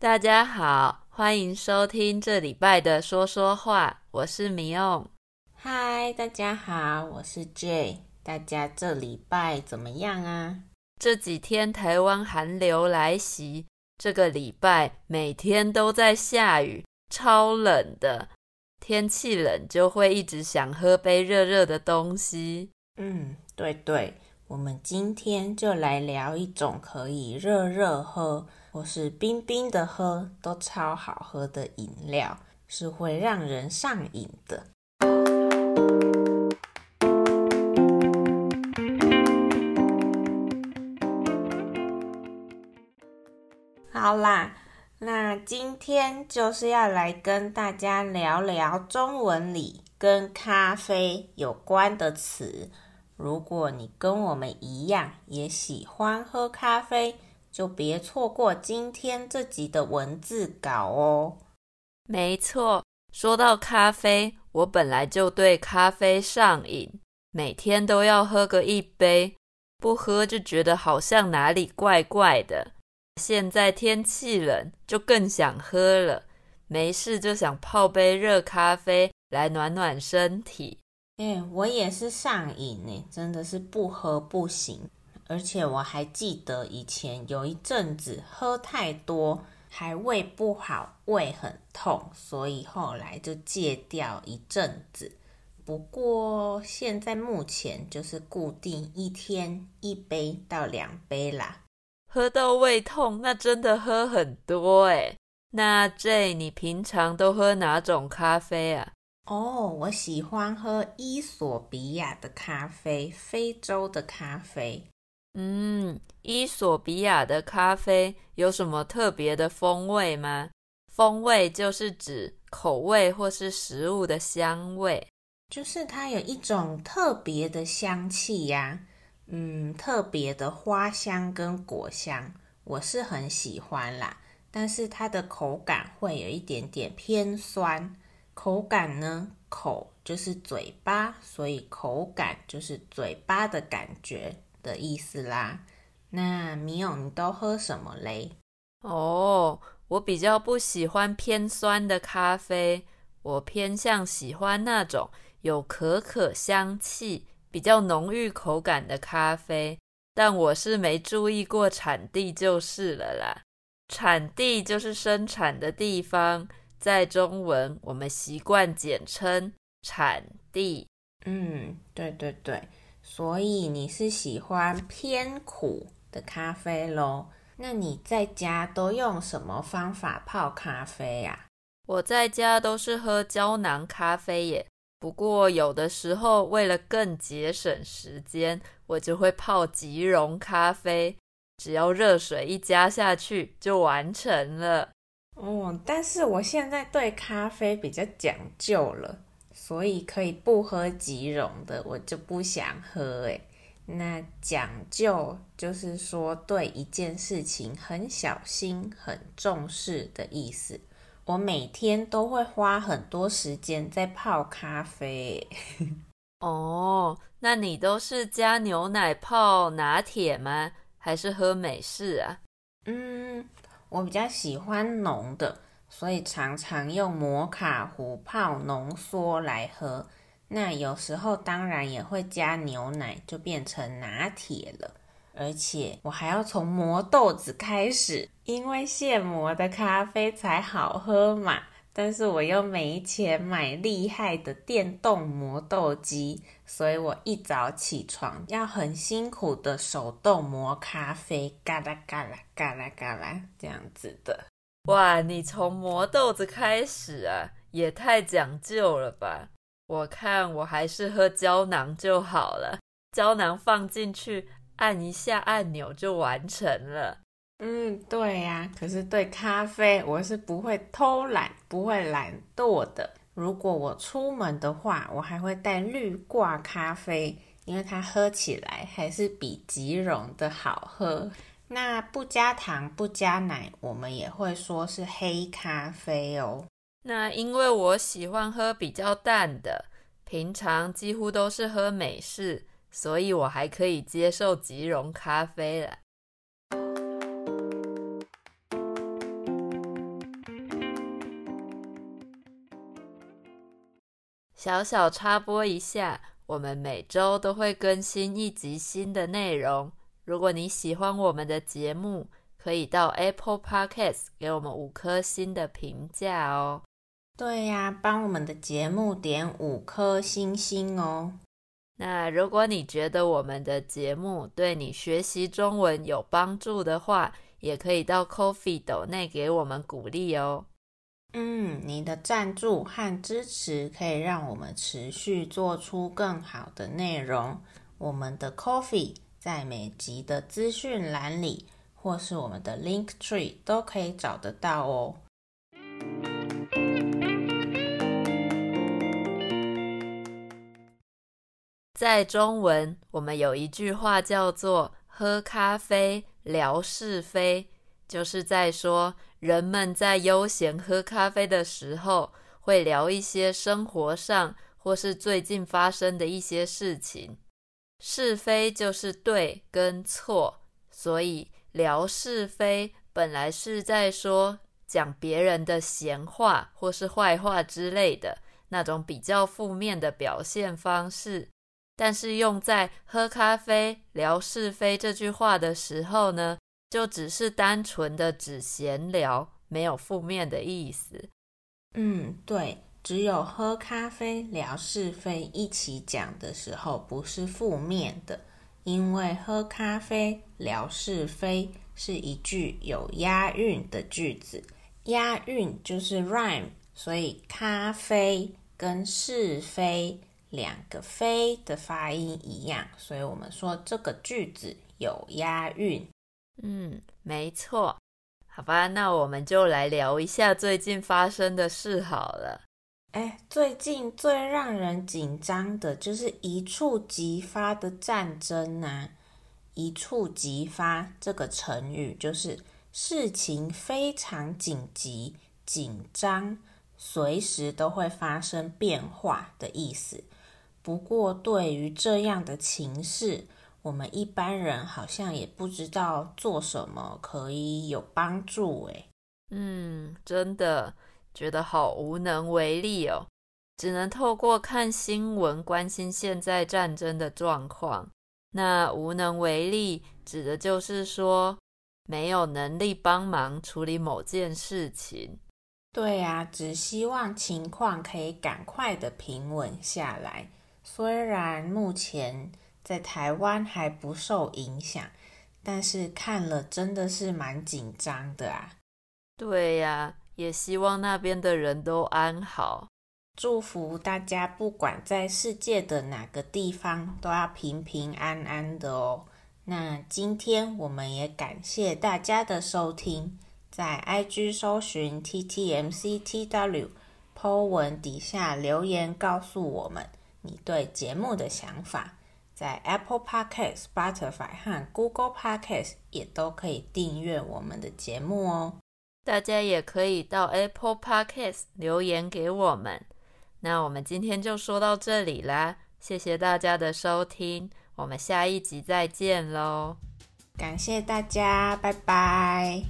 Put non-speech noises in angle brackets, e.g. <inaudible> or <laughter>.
大家好，歡迎收聽這禮拜的說說話，我是 Mio 嗨，Hi, 大家好，我是 Jay。大家這禮拜怎麼樣啊？這幾天台灣寒流來襲，這個禮拜每天都在下雨，超冷的。天氣冷就會一直想喝杯熱熱的東西。嗯，對對。我們今天就來聊一種可以熱熱喝或是冰冰的喝都超好喝的飲料，是會讓人上癮的。好啦，那今天就是要來跟大家聊聊中文裡跟咖啡有關的詞。如果你跟我們一樣也喜歡喝咖啡，就別錯過今天這集的文字稿哦。沒錯，說到咖啡，我本來就對咖啡上癮，每天都要喝個一杯，不喝就覺得好像哪裡怪怪的。現在天氣冷，就更想喝了，沒事就想泡杯熱咖啡來暖暖身體。欸，我也是上癮欸，真的是不喝不行。而且我還記得以前有一陣子喝太多，還胃不好，胃很痛，所以後來就戒掉一陣子。不過現在目前就是固定一天一杯到兩杯啦。喝到胃痛，那真的喝很多欸。那 J，你平常都喝哪種咖啡啊？哦，oh, 我喜歡喝伊索比亞的咖啡，非洲的咖啡。嗯，伊索比亞的咖啡有什麼特別的風味嗎？風味就是指口味或是食物的香味，就是它有一種特別的香氣呀、啊。嗯，特別的花香跟果香，我是很喜歡啦。但是它的口感會有一點點偏酸。口感呢？口就是嘴巴，所以口感就是嘴巴的感覺的意思啦。那 Mio，你都喝什麼嘞？哦，我比較不喜歡偏酸的咖啡，我偏向喜歡那種有可可香氣、比較濃郁口感的咖啡。但我是沒注意過產地就是了啦。產地就是生產的地方。在中文，我們習慣簡稱產地。嗯，對對對，所以你是喜歡偏苦的咖啡咯。那你在家都用什麼方法泡咖啡呀、啊？我在家都是喝膠囊咖啡耶，不過有的時候為了更節省時間，我就會泡即溶咖啡，只要熱水一加下去就完成了。哦，但是我現在對咖啡比較講究了，所以可以不喝即溶的，我就不想喝哎。那講究就是說對一件事情很小心、很重視的意思。我每天都會花很多時間在泡咖啡。哦 <laughs> ，oh, 那你都是加牛奶泡拿鐵嗎？還是喝美式啊？我比較喜歡濃的，所以常常用摩卡壺泡濃縮來喝。那有時候當然也會加牛奶，就變成拿鐵了。而且我還要從磨豆子開始，因為現磨的咖啡才好喝嘛。但是我又沒錢買厲害的電動磨豆機，所以我一早起床要很辛苦的手動磨咖啡，嘎啦嘎啦嘎啦嘎啦這樣子的。哇，你從磨豆子開始啊，也太講究了吧？我看我還是喝膠囊就好了，膠囊放進去，按一下按鈕就完成了。嗯，對呀、啊，可是對咖啡，我是不會偷懶，不會懶惰的。如果我出門的話，我還會帶濾掛咖啡，因為它喝起來還是比即溶的好喝。那不加糖，不加奶，我們也會說是黑咖啡哦。那因為我喜歡喝比較淡的，平常幾乎都是喝美式，所以我還可以接受即溶咖啡了。小小插播一下，我們每周都會更新一集新的內容。如果你喜歡我們的節目，可以到 Apple Podcast 給我們五顆星的評價哦。對呀、啊，幫我們的節目點五顆星星哦。那如果你覺得我們的節目對你學習中文有幫助的話，也可以到 Coffee 抖內給我們鼓勵哦。嗯，你的贊助和支持可以讓我們持續做出更好的內容。我們的 Ko-fi 在每集的資訊欄裡，或是我們的 Linktree 都可以找得到哦。在中文，我們有一句話叫做“喝咖啡聊是非”。就是在說，人們在悠閒喝咖啡的時候，會聊一些生活上或是最近發生的一些事情。是非就是對跟錯，所以聊是非本來是在說講別人的閒話或是壞話之類的那種比較負面的表現方式。但是用在喝咖啡聊是非這句話的時候呢，就只是單純的只閒聊，沒有負面的意思。嗯，對，只有喝咖啡聊是非一起講的時候，不是負面的。因為喝咖啡聊是非是一句有押韻的句子，押韻就是 rhyme，所以咖啡跟是非兩個非的發音一樣，所以我們說這個句子有押韻。嗯，沒錯。好吧，那我們就來聊一下最近發生的事好了。哎，最近最讓人緊張的就是一觸即發的戰爭呢、啊。一觸即發這個成語就是事情非常緊急、緊張，隨時都會發生變化的意思。不過，對於這樣的情勢，我們一般人好像也不知道做什麼可以有幫助誒，嗯，真的覺得好無能為力哦，只能透過看新聞關心現在戰爭的狀況。那無能為力指的就是說沒有能力幫忙處理某件事情。對啊，只希望情況可以趕快的平穩下來，雖然目前。在台灣還不受影響，但是看了真的是蠻緊張的啊！對呀、啊，也希望那邊的人都安好，祝福大家，不管在世界的哪個地方，都要平平安安的哦。那今天我們也感謝大家的收聽，在 IG 搜尋 TTMCTW，Po 文底下留言告訴我們你對節目的想法。在 Apple Podcast、Spotify 和 Google Podcast 也都可以訂閱我們的節目哦。大家也可以到 Apple Podcast 留言給我們。那我們今天就說到這裡啦，謝謝大家的收聽，我們下一集再見嘍！感謝大家，拜拜。